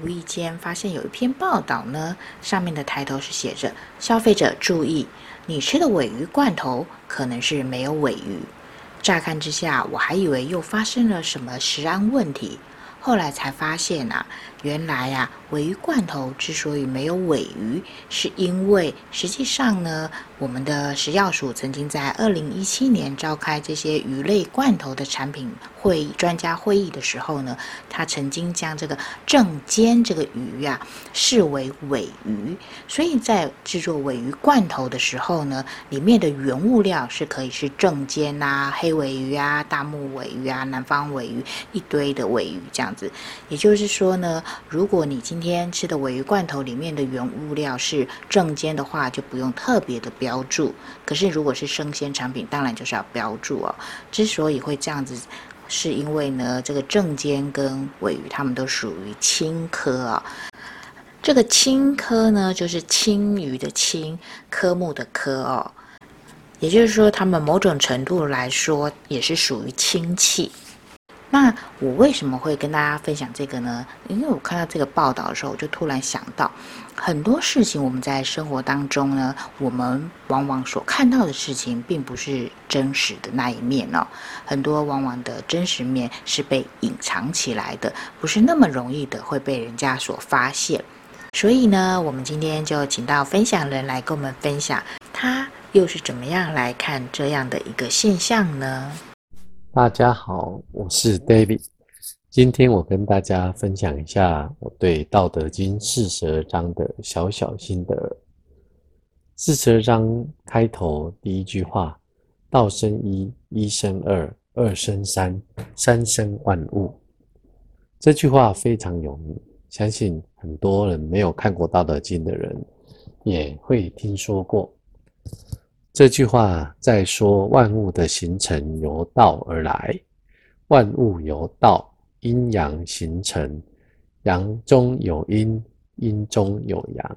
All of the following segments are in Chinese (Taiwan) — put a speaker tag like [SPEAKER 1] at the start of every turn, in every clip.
[SPEAKER 1] 無意間發現有一篇報道呢，上面的抬頭是寫着“消費者注意，你吃的鯡魚罐頭可能是沒有鯡魚”。乍看之下，我還以為又發生了什麼食安問題，後來才發現啊，原來呀、啊，鯡魚罐頭之所以沒有鯡魚，是因為實際上呢。我們的食藥署曾經在二零一七年召開這些魚類罐頭的產品會議、專家會議的時候呢，他曾經將這個正鰹這個魚啊視為鮪魚，所以在製作鮪魚罐頭的時候呢，裡面的原物料是可以是正鰹啊、黑鮪魚啊、大目鮪魚啊、南方鮪魚一堆的鮪魚這樣子。也就是說呢，如果你今天吃的鮪魚罐頭裡面的原物料是正鰹的話，就不用特別的標標注，可是如果是生鮮產品，當然就是要標注哦。之所以會這樣子，是因為呢，這個正鰹跟鮪魚他們都屬於鯖科哦。這個鯖科呢，就是鯖魚的鯖，科目的科哦。也就是說，他們某種程度來說也是屬於親戚。那我為什麼會跟大家分享這個呢？因為我看到這個報道的時候，我就突然想到，很多事情我們在生活當中呢，我們往往所看到的事情，並不是真實的那一面哦。很多往往的真實面是被隱藏起來的，不是那麼容易的會被人家所發現。所以呢，我們今天就請到分享人來跟我們分享，他又是怎麼樣來看這樣的一個現象呢？
[SPEAKER 2] 大家好，我是 David。今天我跟大家分享一下我對《道德經》四十二章的小小心得。四十二章開頭第一句話：“道生一，一生二，二生三，三生萬物。”這句話非常有名，相信很多人沒有看過《道德經》的人也會聽說過。這句話在說萬物的形成由道而來，萬物由道，陰陽形成，陽中有陰，陰中有陽。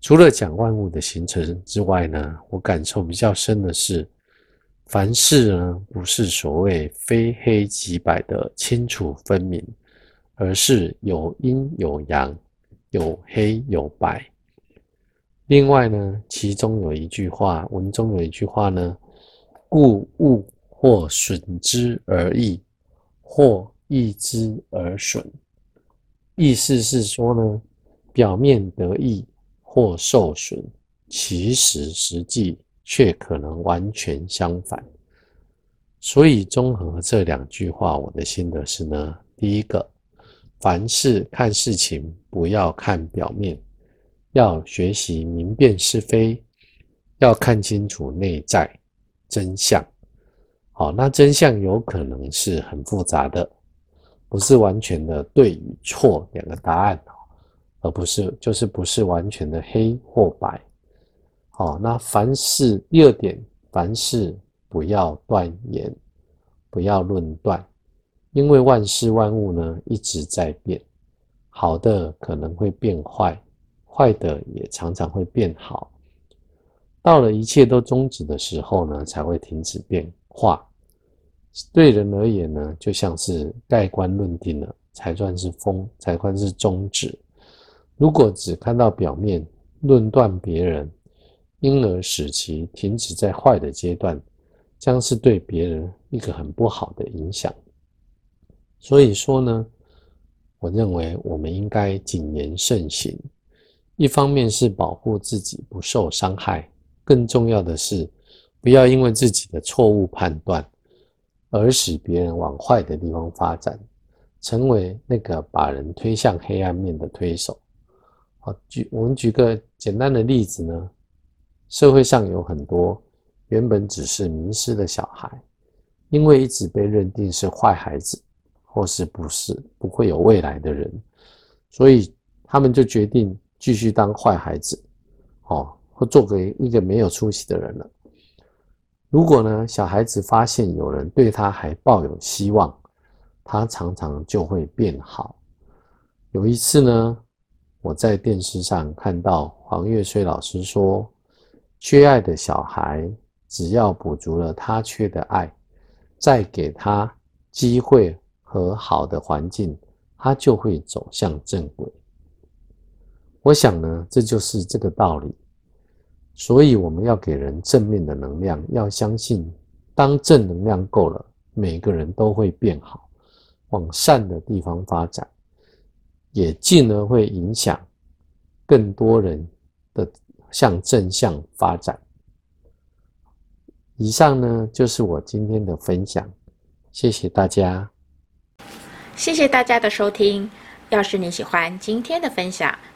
[SPEAKER 2] 除了講萬物的形成之外呢，我感受比較深的是，凡事呢，不是所謂非黑即白的清楚分明，而是有陰有陽，有黑有白。另外呢，其中有一句話，文中有一句話呢，“故物或損之而益，或益之而損。”意思是說呢，表面得益或受損，其實實際卻可能完全相反。所以綜合這兩句話，我的心得是呢，第一個，凡事看事情，不要看表面。要學習明辨是非，要看清楚內在真相。好，那真相有可能是很複雜的，不是完全的對與錯兩個答案哦，而不是就是不是完全的黑或白。好，那凡事，第二點，凡事不要斷言，不要論斷，因為萬事萬物呢一直在變，好的可能會變壞。壞的也常常會變好，到了一切都終止的時候呢，才會停止變化。對人而言呢，就像是蓋棺論定了，才算是封，才算是終止。如果只看到表面，論斷別人，因而使其停止在壞的階段，將是對別人一個很不好的影響。所以說呢，我認為我們應該謹言慎行。一方面是保護自己不受傷害，更重要的是，不要因為自己的錯誤判斷，而使別人往壞的地方發展，成為那個把人推向黑暗面的推手。好，舉，我們舉個簡單的例子呢，社會上有很多原本只是迷失的小孩，因為一直被認定是壞孩子，或是不是，不會有未來的人，所以他們就決定。繼續當壞孩子，哦，或做給一個沒有出息的人了。如果呢，小孩子發現有人對他還抱有希望，他常常就會變好。有一次呢，我在電視上看到黃越綏老師說，缺愛的小孩只要補足了他缺的愛，再給他機會和好的環境，他就會走向正軌。我想呢，這就是這個道理，所以我們要給人正面的能量，要相信，當正能量夠了，每個人都會變好，往善的地方發展，也進而會影響更多人的向正向發展。以上呢，就是我今天的分享，謝謝大家，謝
[SPEAKER 1] 謝大家的收聽。要是你喜歡今天的分享。